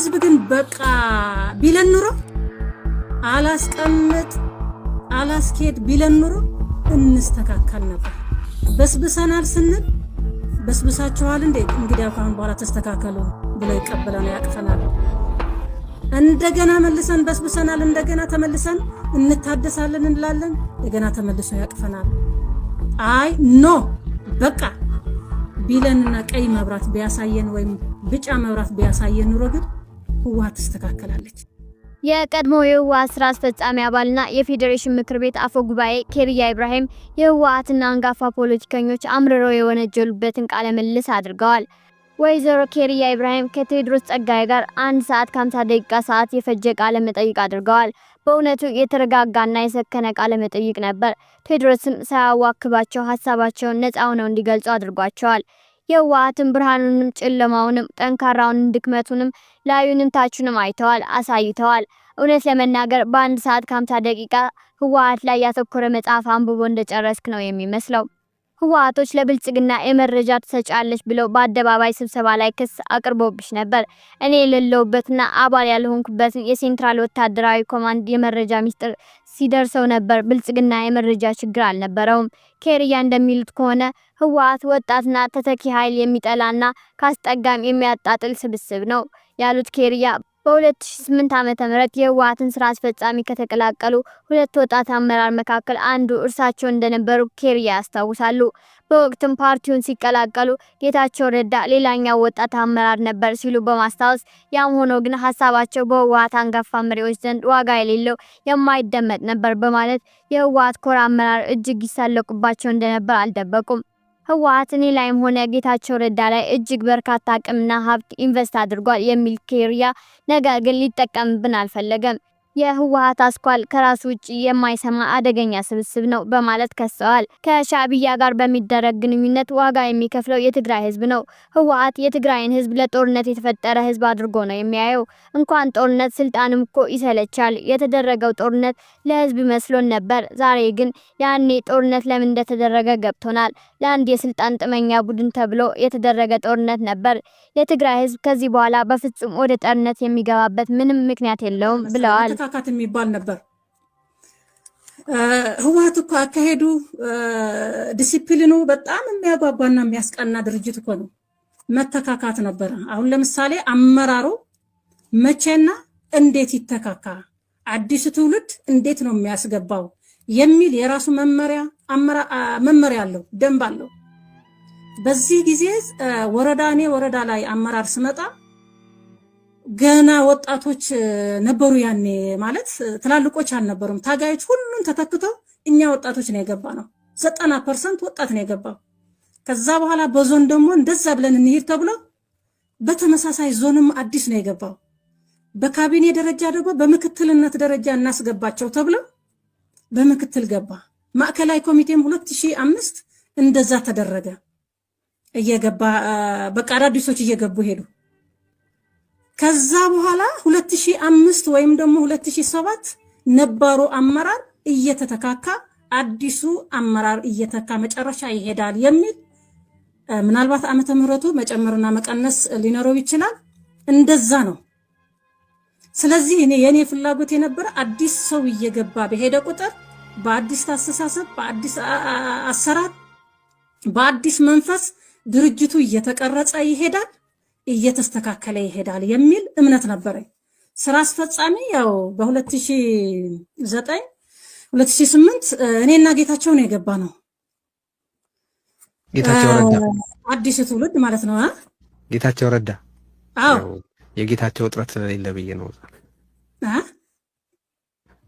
ህዝብ ግን በቃ ቢለን ኑሮ አላስቀምጥ አላስኬድ ቢለን ኑሮ እንስተካከል ነበር። በስብሰናል ስንል በስብሳችኋል እንዴ እንግዲህ ካሁን በኋላ ተስተካከሉ ብሎ ይቀበለን ያቅፈናል። እንደገና መልሰን በስብሰናል፣ እንደገና ተመልሰን እንታደሳለን እንላለን። እንደገና ተመልሶ ያቅፈናል። አይ ኖ በቃ ቢለንና ቀይ መብራት ቢያሳየን ወይም ቢጫ መብራት ቢያሳየን ኑሮ ግን ህዋ ትስተካከላለች። የቀድሞ የህዋ ስራ አስፈጻሚ አባልና የፌዴሬሽን ምክር ቤት አፈ ጉባኤ ኬሪያ ኢብራሂም የህወሓትና አንጋፋ ፖለቲከኞች አምርረው የወነጀሉበትን ቃለ ምልልስ አድርገዋል። ወይዘሮ ኬርያ ኢብራሂም ከቴዎድሮስ ጸጋዬ ጋር አንድ ሰዓት ከ50 ደቂቃ ሰዓት የፈጀ ቃለ መጠይቅ አድርገዋል። በእውነቱ የተረጋጋና የሰከነ ቃለ መጠይቅ ነበር። ቴዎድሮስም ሳያዋክባቸው ሀሳባቸውን ነፃ ሆነው እንዲገልጹ አድርጓቸዋል። የዋሃትን ብርሃኑንም ጨለማውንም ጠንካራውን ድክመቱንም ላዩንም ታችንም አይተዋል፣ አሳይተዋል። እውነት ለመናገር በአንድ ሰዓት ከ50 ደቂቃ ህወሓት ላይ ያተኮረ መጽሐፍ አንብቦ እንደጨረስክ ነው የሚመስለው። ህወሓቶች ለብልጽግና የመረጃ ትሰጫለች ብለው በአደባባይ ስብሰባ ላይ ክስ አቅርቦብሽ ነበር። እኔ የሌለውበትና አባል ያልሆንኩበትን የሴንትራል ወታደራዊ ኮማንድ የመረጃ ሚስጥር ሲደርሰው ነበር። ብልጽግና የመረጃ ችግር አልነበረውም። ኬርያ እንደሚሉት ከሆነ ህወሓት ወጣትና ተተኪ ኃይል የሚጠላና ከአስጠጋም የሚያጣጥል ስብስብ ነው ያሉት ኬርያ። በ2008 ዓመተ ምህረት የህወሓትን ስራ አስፈጻሚ ከተቀላቀሉ ሁለት ወጣት አመራር መካከል አንዱ እርሳቸው እንደነበሩ ኬሪያ ያስታውሳሉ። በወቅትም ፓርቲውን ሲቀላቀሉ ጌታቸው ረዳ ሌላኛው ወጣት አመራር ነበር ሲሉ በማስታወስ ያም ሆኖ ግን ሀሳባቸው በህወሓት አንጋፋ መሪዎች ዘንድ ዋጋ የሌለው የማይደመጥ ነበር በማለት የህወሓት ኮር አመራር እጅግ ይሳለቁባቸው እንደነበር አልደበቁም። ህወሓት እኔ ላይም ሆነ ጌታቸው ረዳ ላይ እጅግ በርካታ አቅምና ሀብት ኢንቨስት አድርጓል የሚል ኬሪያ ነገር ግን ሊጠቀምብን አልፈለገም። የህወሀት አስኳል ከራሱ ውጭ የማይሰማ አደገኛ ስብስብ ነው በማለት ከሰዋል። ከሻዕቢያ ጋር በሚደረግ ግንኙነት ዋጋ የሚከፍለው የትግራይ ህዝብ ነው። ህወሀት የትግራይን ህዝብ ለጦርነት የተፈጠረ ህዝብ አድርጎ ነው የሚያየው። እንኳን ጦርነት ስልጣንም እኮ ይሰለቻል። የተደረገው ጦርነት ለህዝብ መስሎን ነበር። ዛሬ ግን ያኔ ጦርነት ለምን እንደተደረገ ገብቶናል። ለአንድ የስልጣን ጥመኛ ቡድን ተብሎ የተደረገ ጦርነት ነበር። የትግራይ ህዝብ ከዚህ በኋላ በፍጹም ወደ ጦርነት የሚገባበት ምንም ምክንያት የለውም ብለዋል። መነካካት የሚባል ነበር። ህወሓት እኮ አካሄዱ ዲሲፕሊኑ በጣም የሚያጓጓና የሚያስቀና ድርጅት እኮ ነው። መተካካት ነበረ። አሁን ለምሳሌ አመራሩ መቼና እንዴት ይተካካ፣ አዲሱ ትውልድ እንዴት ነው የሚያስገባው የሚል የራሱ መመሪያ አለው፣ ደንብ አለው። በዚህ ጊዜ ወረዳ እኔ ወረዳ ላይ አመራር ስመጣ ገና ወጣቶች ነበሩ ያኔ ማለት ትላልቆች አልነበሩም። ታጋዮች ሁሉም ተተክተው እኛ ወጣቶች ነው የገባ ነው። ዘጠና ፐርሰንት ወጣት ነው የገባው። ከዛ በኋላ በዞን ደግሞ እንደዛ ብለን እንሄድ ተብሎ በተመሳሳይ ዞንም አዲስ ነው የገባው። በካቢኔ ደረጃ ደግሞ በምክትልነት ደረጃ እናስገባቸው ተብሎ በምክትል ገባ። ማዕከላዊ ኮሚቴም ሁለት ሺህ አምስት እንደዛ ተደረገ። እየገባ በቃ አዳዲሶች እየገቡ ሄዱ። ከዛ በኋላ 2005 ወይም ደግሞ 2007 ነባሩ አመራር እየተተካካ አዲሱ አመራር እየተካ መጨረሻ ይሄዳል የሚል ምናልባት ዓመተ ምህረቱ መጨመርና መቀነስ ሊኖረው ይችላል። እንደዛ ነው። ስለዚህ እኔ የኔ ፍላጎት የነበረ አዲስ ሰው እየገባ በሄደ ቁጥር በአዲስ አስተሳሰብ፣ በአዲስ አሰራር፣ በአዲስ መንፈስ ድርጅቱ እየተቀረጸ ይሄዳል። እየተስተካከለ ይሄዳል የሚል እምነት ነበረኝ። ስራ አስፈጻሚ ያው በ2009 2008 እኔና ጌታቸው ነው የገባ ነው። ጌታቸው ረዳ ትውልድ ማለት ነው። ጌታቸው ረዳ አዎ፣ የጌታቸው እጥረት ስለሌለ ብዬ ነው።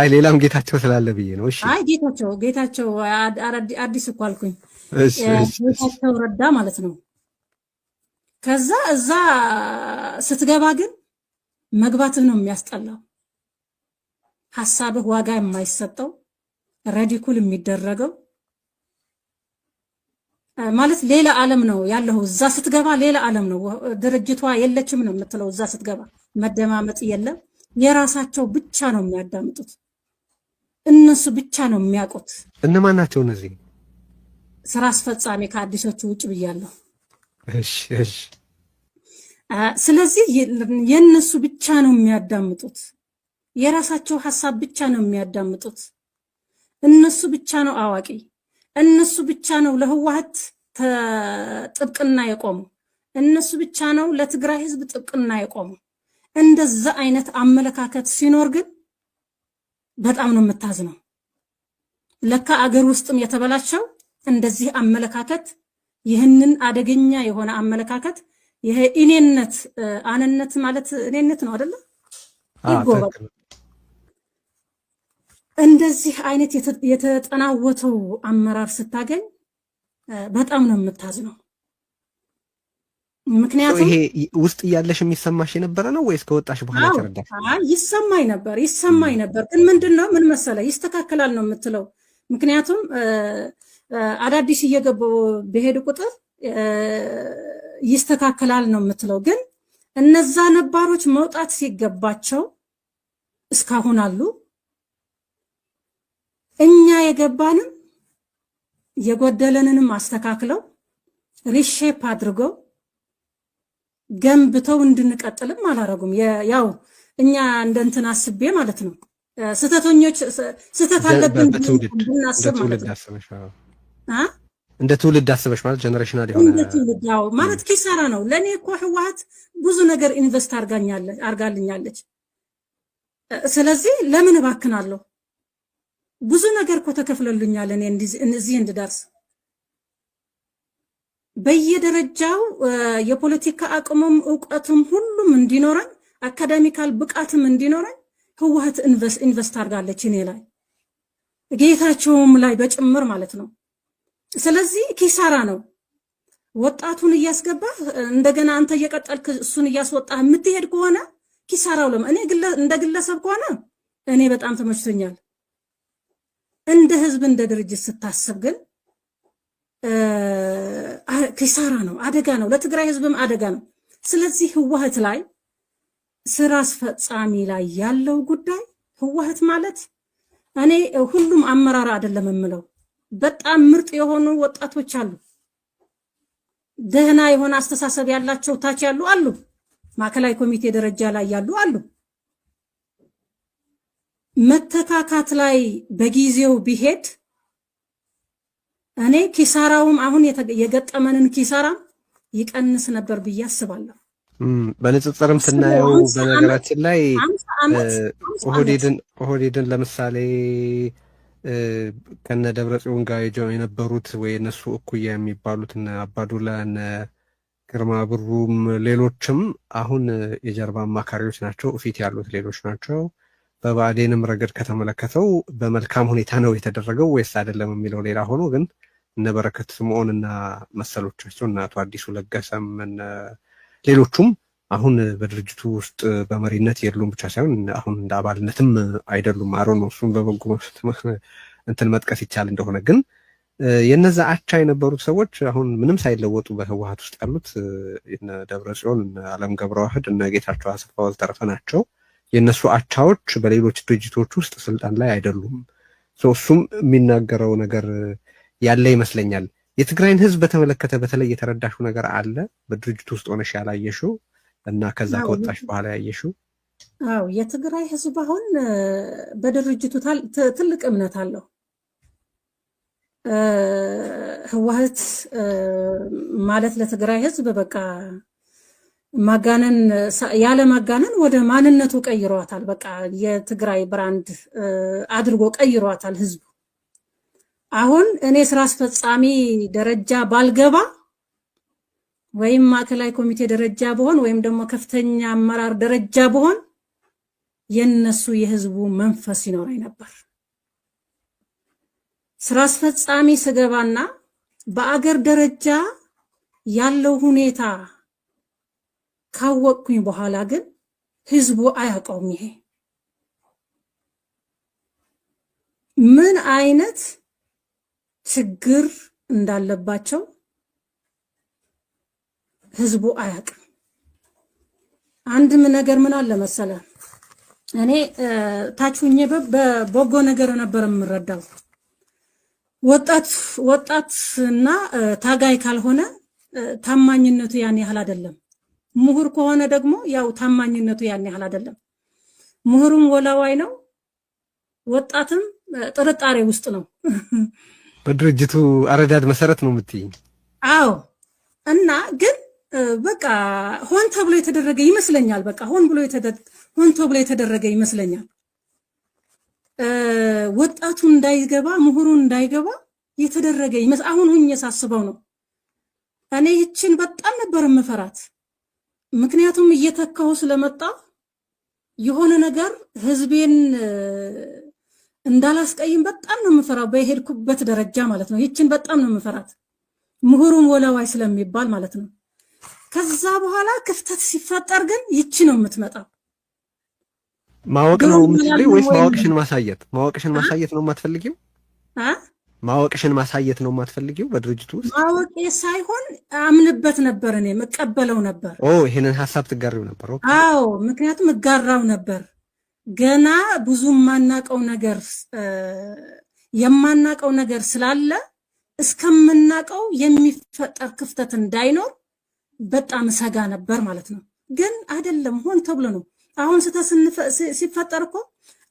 አይ ሌላም ጌታቸው ስላለ ብዬ ነው። እሺ፣ አይ ጌታቸው ጌታቸው አዲስ እኮ አልኩኝ። ጌታቸው ረዳ ማለት ነው። ከዛ እዛ ስትገባ ግን መግባትህ ነው የሚያስጠላው። ሀሳብህ ዋጋ የማይሰጠው ረዲኩል የሚደረገው ማለት ሌላ ዓለም ነው ያለው። እዛ ስትገባ ሌላ ዓለም ነው። ድርጅቷ የለችም ነው የምትለው። እዛ ስትገባ መደማመጥ የለም። የራሳቸው ብቻ ነው የሚያዳምጡት። እነሱ ብቻ ነው የሚያውቁት። እነማን ናቸው እነዚህ? ስራ አስፈጻሚ ከአዲሶቹ ውጭ ብያለሁ። ስለዚህ የእነሱ ብቻ ነው የሚያዳምጡት። የራሳቸው ሀሳብ ብቻ ነው የሚያዳምጡት። እነሱ ብቻ ነው አዋቂ። እነሱ ብቻ ነው ለህወሓት ጥብቅና የቆሙ። እነሱ ብቻ ነው ለትግራይ ህዝብ ጥብቅና የቆሙ። እንደዛ አይነት አመለካከት ሲኖር ግን በጣም ነው የምታዝነው። ለካ አገር ውስጥም የተበላቸው እንደዚህ አመለካከት ይህንን አደገኛ የሆነ አመለካከት ይሄ እኔነት አነነት ማለት እኔነት ነው አይደለ? እንደዚህ አይነት የተጠናወተው አመራር ስታገኝ በጣም ነው የምታዝነው። ምክንያቱም ይሄ ውስጥ እያለሽ የሚሰማሽ የነበረ ነው ወይስ ከወጣሽ በኋላ ተረዳሽ? ይሰማኝ ነበር ይሰማኝ ነበር፣ ግን ምንድን ነው ምን መሰለ ይስተካከላል ነው የምትለው ምክንያቱም አዳዲስ እየገቡ በሄዱ ቁጥር ይስተካከላል ነው የምትለው። ግን እነዛ ነባሮች መውጣት ሲገባቸው እስካሁን አሉ። እኛ የገባንም የጎደለንንም አስተካክለው ሪሼፕ አድርገው ገንብተው እንድንቀጥልም አላረጉም። ያው እኛ እንደ እንትን አስቤ ማለት ነው ስህተተኞች ስህተት አለብን ብናስብ ማለት ነው። እንደ ትውልድ አስበሽ ማለት ጀነሬሽናል የሆነ እንደ ትውልድ ያው ማለት ኪሳራ ነው። ለእኔ እኮ ህወሓት ብዙ ነገር ኢንቨስት አርጋልኛለች። ስለዚህ ለምን እባክናለሁ? ብዙ ነገር እኮ ተከፍለልኛል እኔ እዚህ እንድደርስ በየደረጃው የፖለቲካ አቅሙም እውቀቱም ሁሉም እንዲኖረኝ አካዳሚካል ብቃትም እንዲኖረኝ ህወሓት ኢንቨስት አርጋለች እኔ ላይ ጌታቸውም ላይ በጭምር ማለት ነው። ስለዚህ ኪሳራ ነው። ወጣቱን እያስገባ እንደገና አንተ እየቀጠልክ እሱን እያስወጣ የምትሄድ ከሆነ ኪሳራው ለም እኔ እንደ ግለሰብ ከሆነ እኔ በጣም ተመችቶኛል። እንደ ህዝብ እንደ ድርጅት ስታስብ ግን ኪሳራ ነው፣ አደጋ ነው፣ ለትግራይ ህዝብም አደጋ ነው። ስለዚህ ህወሀት ላይ ስራ አስፈጻሚ ላይ ያለው ጉዳይ ህወሀት ማለት እኔ ሁሉም አመራር አይደለም የምለው በጣም ምርጥ የሆኑ ወጣቶች አሉ። ደህና የሆነ አስተሳሰብ ያላቸው ታች ያሉ አሉ። ማዕከላዊ ኮሚቴ ደረጃ ላይ ያሉ አሉ። መተካካት ላይ በጊዜው ቢሄድ እኔ ኪሳራውም አሁን የገጠመንን ኪሳራም ይቀንስ ነበር ብዬ አስባለሁ። በንጽጽርም ስናየው በነገራችን ላይ ኦህዴድን ለምሳሌ ከነ ደብረ ጽዮን ጋር የነበሩት ወይ እነሱ እኩያ የሚባሉት እነ አባዱላ እነ ግርማ ብሩም ሌሎችም አሁን የጀርባ አማካሪዎች ናቸው፣ እፊት ያሉት ሌሎች ናቸው። በባዴንም ረገድ ከተመለከተው በመልካም ሁኔታ ነው የተደረገው ወይስ አይደለም የሚለው ሌላ ሆኖ ግን እነ በረከት ስምዖን እና መሰሎቻቸው እነ አቶ አዲሱ ለገሰም ሌሎቹም አሁን በድርጅቱ ውስጥ በመሪነት የሉም ብቻ ሳይሆን አሁን እንደ አባልነትም አይደሉም። አሮን ነው እሱን በበጎ እንትን መጥቀስ ይቻል እንደሆነ ግን የነዛ አቻ የነበሩት ሰዎች አሁን ምንም ሳይለወጡ በህወሀት ውስጥ ያሉት እነ ደብረ ጽዮን፣ እነ አለም ዋህድ እነ ጌታቸው አሰፋ ወዘተረፈ ናቸው። የእነሱ አቻዎች በሌሎች ድርጅቶች ውስጥ ስልጣን ላይ አይደሉም። እሱም የሚናገረው ነገር ያለ ይመስለኛል። የትግራይን ህዝብ በተመለከተ በተለይ የተረዳሽው ነገር አለ በድርጅቱ ውስጥ ሆነሽ ያላየሽው? እና ከዛ ከወጣሽ በኋላ ያየሽው? አዎ የትግራይ ህዝብ አሁን በድርጅቱ ትልቅ እምነት አለው። ህወሓት ማለት ለትግራይ ህዝብ በቃ ማጋነን ያለ ማጋነን ወደ ማንነቱ ቀይሯታል። በቃ የትግራይ ብራንድ አድርጎ ቀይሯታል ህዝቡ። አሁን እኔ ስራ አስፈጻሚ ደረጃ ባልገባ ወይም ማዕከላዊ ኮሚቴ ደረጃ በሆን ወይም ደግሞ ከፍተኛ አመራር ደረጃ በሆን የነሱ የህዝቡ መንፈስ ይኖረኝ ነበር። ስራ አስፈጻሚ ስገባና በአገር ደረጃ ያለው ሁኔታ ካወቅኩኝ በኋላ ግን ህዝቡ አያውቀውም። ይሄ ምን አይነት ችግር እንዳለባቸው ህዝቡ አያውቅም። አንድም ነገር ምን አለ መሰለ፣ እኔ ታችሁኜ በበጎ ነገር ነበር የምረዳው። ወጣት ወጣትና ታጋይ ካልሆነ ታማኝነቱ ያን ያህል አይደለም። ምሁር ከሆነ ደግሞ ያው ታማኝነቱ ያን ያህል አይደለም። ምሁሩም ወላዋይ ነው፣ ወጣትም ጥርጣሬ ውስጥ ነው። በድርጅቱ አረዳድ መሰረት ነው የምትይኝ? አዎ። እና ግን በቃ ሆን ተብሎ የተደረገ ይመስለኛል። በቃ ሆን ብሎ ሆን ተብሎ የተደረገ ይመስለኛል። ወጣቱ እንዳይገባ ምሁሩ እንዳይገባ የተደረገ ይመስ አሁን ሁኝ የሳስበው ነው። እኔ ይችን በጣም ነበር የምፈራት፣ ምክንያቱም እየተካሁ ስለመጣ የሆነ ነገር ህዝቤን እንዳላስቀይም በጣም ነው የምፈራው። በሄድኩበት ደረጃ ማለት ነው። ይችን በጣም ነው የምፈራት፣ ምሁሩም ወላዋይ ስለሚባል ማለት ነው። ከዛ በኋላ ክፍተት ሲፈጠር ግን ይቺ ነው የምትመጣው። ማወቅ ነው የምትፈልጊው ወይስ ማወቅሽን ማሳየት? ማወቅሽን ማሳየት ነው የማትፈልጊው? ማወቅሽን ማሳየት ነው የማትፈልጊው? በድርጅቱ ውስጥ ማወቄ ሳይሆን አምንበት ነበር፣ እኔ መቀበለው ነበር። ኦ ይሄንን ሀሳብ ትጋሪው ነበር? አዎ፣ ምክንያቱም እጋራው ነበር። ገና ብዙ የማናቀው ነገር የማናቀው ነገር ስላለ እስከምናቀው የሚፈጠር ክፍተት እንዳይኖር በጣም ሰጋ ነበር ማለት ነው። ግን አይደለም፣ ሆን ተብሎ ነው። አሁን ስህተት ሲፈጠር እኮ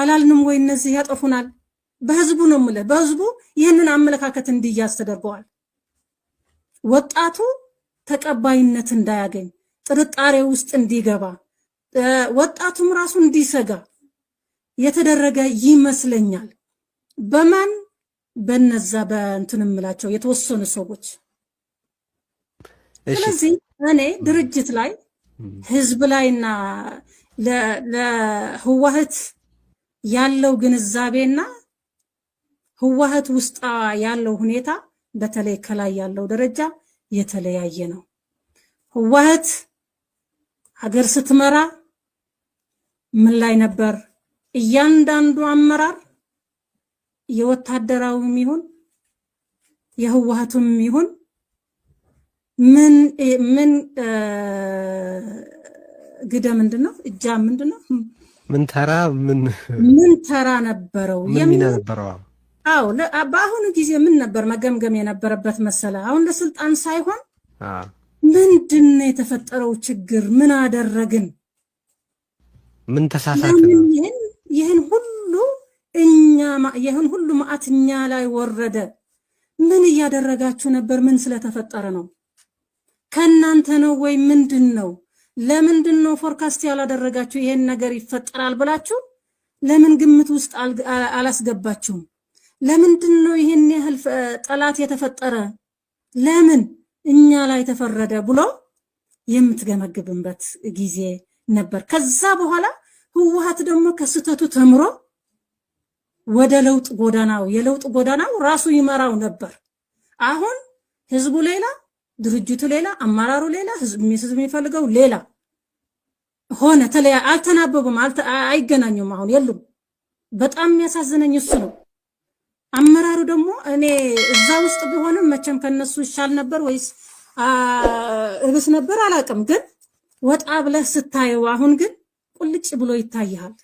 አላልንም ወይ እነዚህ ያጠፉናል። በህዝቡ ነው የምልህ፣ በህዝቡ ይህንን አመለካከት እንዲያዝ ተደርገዋል። ወጣቱ ተቀባይነት እንዳያገኝ፣ ጥርጣሬ ውስጥ እንዲገባ፣ ወጣቱም ራሱ እንዲሰጋ የተደረገ ይመስለኛል። በማን በነዛ በእንትን እምላቸው የተወሰኑ ሰዎች ስለዚህ እኔ ድርጅት ላይ ህዝብ ላይና ለህዋህት ያለው ግንዛቤ እና ህወሀት ውስጣ ያለው ሁኔታ በተለይ ከላይ ያለው ደረጃ የተለያየ ነው። ህወሀት ሀገር ስትመራ ምን ላይ ነበር? እያንዳንዱ አመራር የወታደራዊም ይሁን የህወሀቱም ይሁን ምን ምን ግደ ምንድን ነው እጃ ምንድን ነው ምን ተራ ምን ምን ተራ ነበረው የሚና ነበረው? አዎ በአሁኑ ጊዜ ምን ነበር መገምገም የነበረበት መሰለ? አሁን ለስልጣን ሳይሆን ምንድን ነው የተፈጠረው ችግር? ምን አደረግን? ምን ተሳሳትን? ይህን ሁሉ እኛ ይህን ሁሉ መዓት እኛ ላይ ወረደ። ምን እያደረጋችሁ ነበር? ምን ስለተፈጠረ ነው? ከእናንተ ነው ወይ ምንድን ነው? ለምንድን ነው ፎርካስት ያላደረጋችሁ? ይሄን ነገር ይፈጠራል ብላችሁ ለምን ግምት ውስጥ አላስገባችሁም? ለምንድን ነው ይሄን ያህል ጠላት የተፈጠረ? ለምን እኛ ላይ ተፈረደ ብሎ የምትገመግብበት ጊዜ ነበር። ከዛ በኋላ ህወሓት ደግሞ ከስህተቱ ተምሮ ወደ ለውጥ ጎዳናው የለውጥ ጎዳናው ራሱ ይመራው ነበር። አሁን ህዝቡ ሌላ ድርጅቱ ሌላ፣ አመራሩ ሌላ፣ ህዝብ የሚፈልገው ሌላ ሆነ ተለያ። አልተናበቡም፣ አይገናኙም፣ አሁን የሉም። በጣም የሚያሳዝነኝ እሱ ነው። አመራሩ ደግሞ እኔ እዛ ውስጥ ቢሆንም መቼም ከነሱ ይሻል ነበር ወይስ እብስ ነበር አላውቅም። ግን ወጣ ብለህ ስታየው አሁን ግን ቁልጭ ብሎ ይታይሃል።